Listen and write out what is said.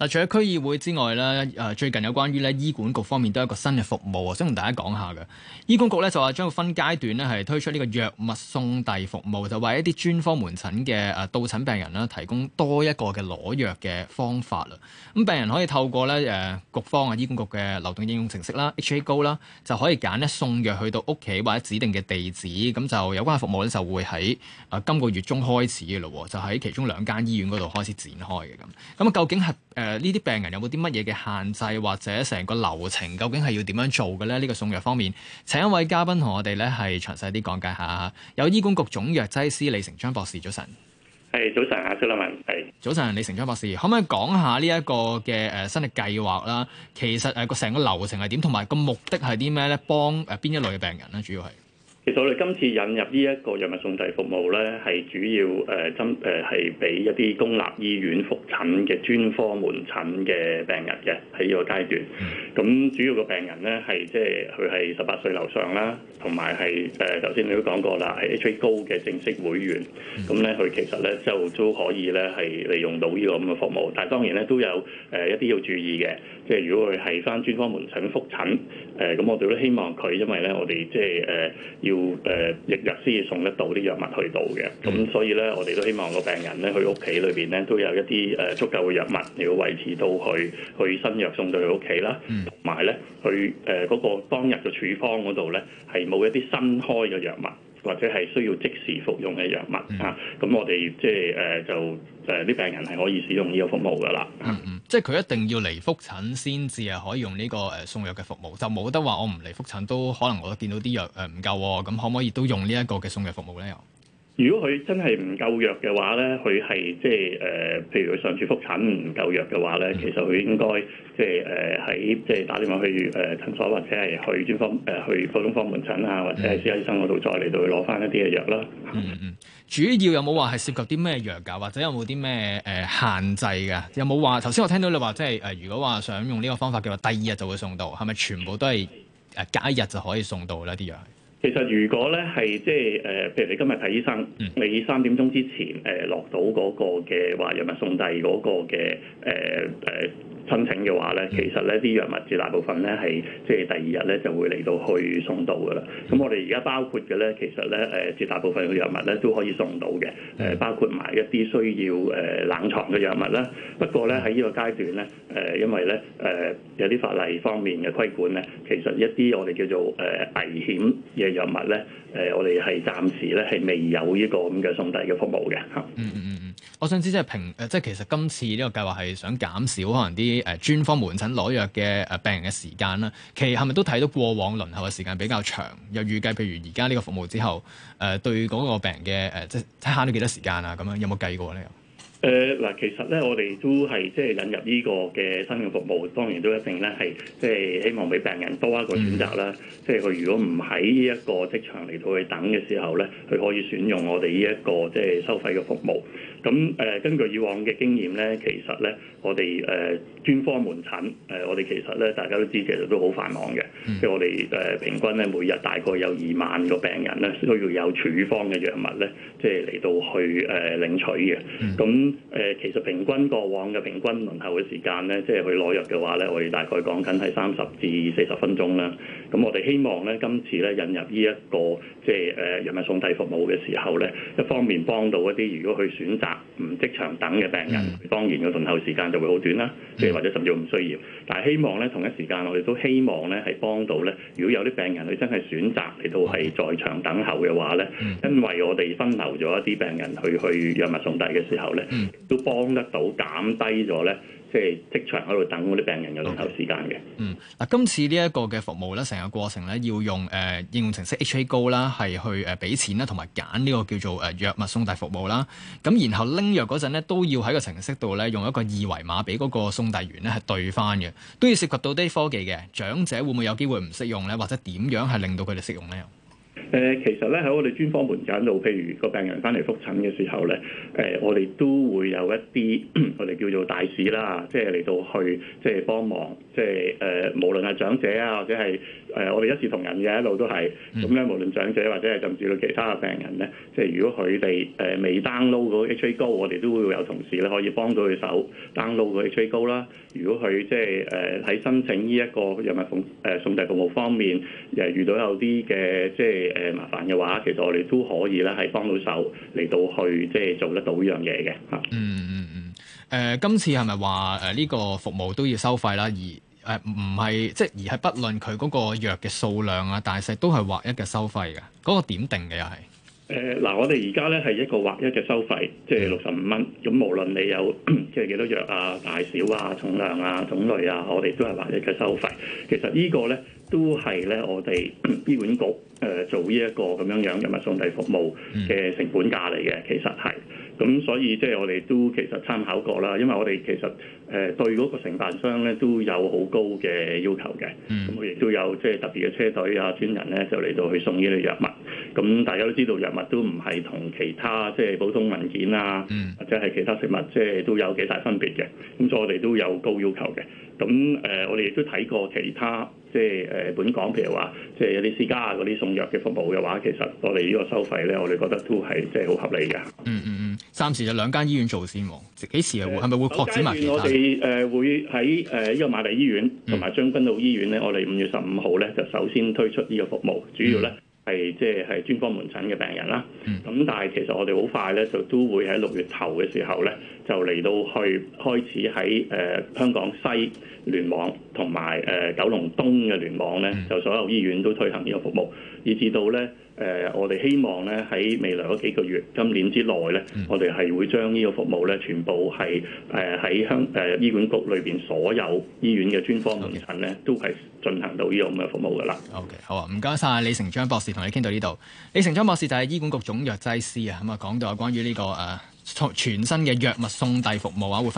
嗱，除咗區議會之外咧，誒最近有關於咧醫管局方面都有一個新嘅服務啊，想同大家講下嘅。醫管局咧就話將要分階段咧係推出呢個藥物送遞服務，就為一啲專科門診嘅誒到診病人啦，提供多一個嘅攞藥嘅方法啦。咁病人可以透過咧誒局方啊醫管局嘅流動應用程式啦，HA Go 啦，就可以揀咧送藥去到屋企或者指定嘅地址。咁就有關嘅服務咧就會喺誒今個月中開始嘅咯，就喺其中兩間醫院嗰度開始展開嘅咁。咁啊究竟係？誒呢啲病人有冇啲乜嘢嘅限制或者成個流程究竟係要點樣做嘅咧？呢個送藥方面，請一位嘉賓同我哋咧係詳細啲講解吓。有醫管局總藥劑師李成章博士，早晨。係，早晨啊，蘇立文。係，早晨，李成章博士，可唔可以講下呢一個嘅誒新嘅計劃啦？其實誒個成個流程係點，同埋個目的係啲咩咧？幫誒邊一類嘅病人咧，主要係。其實我哋今次引入呢一個藥物送遞服務呢，係主要誒真誒係俾一啲公立醫院復診嘅專科門診嘅病人嘅喺呢個階段。咁主要個病人呢係即係佢係十八歲樓上啦，同埋係誒頭先你都講過啦，係 HA 高嘅正式會員。咁呢，佢其實呢就都可以呢係利用到呢個咁嘅服務。但係當然呢，都有誒一啲要注意嘅，即係如果佢係翻專科門診復診，誒、呃、咁我哋都希望佢，因為呢，我哋即係誒、呃、要。誒，翌、呃、日先至送得到啲藥物去到嘅。咁所以咧，我哋都希望個病人咧去屋企裏邊咧都有一啲誒、呃、足夠嘅藥物，你要維持到佢去新藥送到佢屋企啦，同埋咧佢誒嗰個當日嘅處方嗰度咧係冇一啲新開嘅藥物或者係需要即時服用嘅藥物，嗯、啊，咁我哋即係誒就誒啲、呃呃、病人係可以使用呢個服務噶啦。嗯即係佢一定要嚟覆診先至係可以用呢個誒送藥嘅服務，就冇得話我唔嚟覆診都可能我都見到啲藥誒唔夠喎，咁、呃哦、可唔可以都用呢一個嘅送藥服務咧？又？如果佢真係唔夠藥嘅話咧，佢係即係誒，譬如佢上次覆診唔夠藥嘅話咧，嗯、其實佢應該即係誒喺即係打電話去誒診所或者係去專科誒、呃、去普通科門診、嗯嗯、有有啊，或者係私家醫生嗰度再嚟到攞翻一啲嘅藥啦。嗯嗯，主要有冇話係涉及啲咩藥㗎？或者有冇啲咩誒限制㗎？有冇話頭先我聽到你話即係誒、呃，如果話想用呢個方法嘅話，第二日就會送到，係咪全部都係誒隔一日就可以送到啦啲藥？其實如果咧係即係誒，譬如你今日睇醫生，你三點鐘之前誒、呃、落到嗰個嘅話藥物送遞嗰個嘅誒誒。呃呃申請嘅話咧，其實呢啲藥物絕大部分咧係即係第二日咧就會嚟到去送到噶啦。咁我哋而家包括嘅咧，其實咧誒絕大部分嘅藥物咧都可以送到嘅。誒、呃、包括埋一啲需要誒、呃、冷藏嘅藥物啦。不過咧喺呢個階段咧，誒、呃、因為咧誒、呃、有啲法例方面嘅規管咧，其實一啲我哋叫做誒、呃、危險嘅藥物咧，誒、呃、我哋係暫時咧係未有呢個咁嘅送遞嘅服務嘅嚇。嗯嗯。我想知即係平誒，即係其實今次呢個計劃係想減少可能啲誒專科門診攞藥嘅誒病人嘅時間啦。其實係咪都睇到過往輪候嘅時間比較長，又預計譬如而家呢個服務之後誒對嗰個病人嘅誒即係慳咗幾多時間啊？咁樣有冇計過呢？誒嗱、呃，其實咧，我哋都係即係引入呢個嘅新嘅服務，當然都一定咧係即係希望俾病人多一個選擇啦。即係佢如果唔喺呢一個職場嚟到去等嘅時候咧，佢可以選用我哋呢一個即係收費嘅服務。咁誒、呃，根據以往嘅經驗咧，其實咧我哋誒、呃、專科門診誒、呃，我哋其實咧大家都知，其實都好繁忙嘅。嗯、即係我哋誒、呃、平均咧每日大概有二萬個病人咧，都要有處方嘅藥物咧，即係嚟到去誒、呃、領取嘅。咁誒其實平均過往嘅平均輪候嘅時間呢，即係去攞藥嘅話呢，我哋大概講緊係三十至四十分鐘啦。咁我哋希望呢，今次呢引入呢一個即係誒藥物送遞服務嘅時候呢，一方面幫到一啲如果去選擇唔即場等嘅病人，當然個輪候時間就會好短啦，即係或者甚至唔需要。但係希望呢同一時間，我哋都希望呢係幫到呢，如果有啲病人佢真係選擇嚟到係在場等候嘅話呢，因為我哋分流咗一啲病人去去藥物送遞嘅時候呢。嗯、都幫得到減低咗呢，即係職場喺度等嗰啲病人有等候時間嘅。嗯，嗱，今次呢一個嘅服務呢，成個過程呢，要用誒、呃、應用程式 HA Go 啦，係去誒俾錢啦，同埋揀呢個叫做誒藥物送遞服務啦。咁然後拎藥嗰陣咧，都要喺個程式度呢，用一個二維碼俾嗰個送遞員呢，係對翻嘅，都要涉及到啲科技嘅。長者會唔會有機會唔識用呢？或者點樣係令到佢哋識用呢？誒其實咧喺我哋專科門診度，譬如個病人翻嚟復診嘅時候咧，誒我哋都會有一啲我哋叫做大使啦，即係嚟到去即係幫忙，即係誒無論係長者啊，或者係誒我哋一視同仁嘅一路都係。咁咧無論長者或者係甚至到其他嘅病人咧，即係如果佢哋誒未 download 嗰個 H A 高，我哋都會有同事咧可以幫到佢手 download 個 H A 高啦。如果佢即係誒喺申請呢一個藥物，呃、送誒送遞服務方面誒遇到有啲嘅即係。誒麻煩嘅話，其實我哋都可以咧，係幫到手嚟到去即係做得到呢樣嘢嘅。嗯嗯嗯，誒今次係咪話誒呢個服務都要收費啦？而誒唔係即係而係不論佢嗰個藥嘅數量啊大細都係劃一嘅收費嘅，嗰個點定嘅又係？誒嗱、呃，我哋而家咧係一個劃一嘅收費，即係六十五蚊。咁無論你有即係幾多藥啊、大小啊、重量啊、種類啊，我哋都係劃一嘅收費。其實個呢、呃、呢個咧都係咧我哋醫管局誒做呢一個咁樣樣嘅藥物送遞服務嘅成本價嚟嘅，其實係。咁所以即係我哋都其實參考過啦，因為我哋其實誒、呃、對嗰個承辦商咧都有好高嘅要求嘅。咁我亦都有即係特別嘅車隊啊、專人咧就嚟到去送呢啲藥物。咁大家都知道藥物都唔係同其他即係普通文件啊，嗯、或者係其他食物即係都有幾大分別嘅。咁所以我哋都有高要求嘅。咁誒、呃，我哋亦都睇過其他即係誒、呃、本港，譬如話即係有啲私家嗰啲送藥嘅服務嘅話，其實我哋呢個收費咧，我哋覺得都係即係好合理嘅，嗯。嗯嗯嗯，暫時就兩間醫院做先喎，幾時啊？會係咪會擴展埋其他？我哋誒會喺誒呢個瑪麗醫院同埋將軍澳醫院咧，嗯嗯、我哋五月十五號咧就首先推出呢個服務，主要咧。係即係專科門診嘅病人啦，咁、嗯、但係其實我哋好快呢，就都會喺六月頭嘅時候呢，就嚟到去開始喺誒、呃、香港西聯網同埋誒九龍東嘅聯網呢，就所有醫院都推行呢個服務，以至到呢，誒、呃、我哋希望呢，喺未來嗰幾個月，今年之內呢，嗯、我哋係會將呢個服務呢，全部係誒喺香誒、呃、醫管局裏邊所有醫院嘅專科門診呢，都係。進行到呢種咁嘅服務㗎啦。OK，好啊，唔該晒。李成章博士，同你傾到呢度。李成章博士就係醫管局總藥劑師啊，咁、嗯、啊講到關於呢、這個誒、啊、全新嘅藥物送遞服務啊，會分。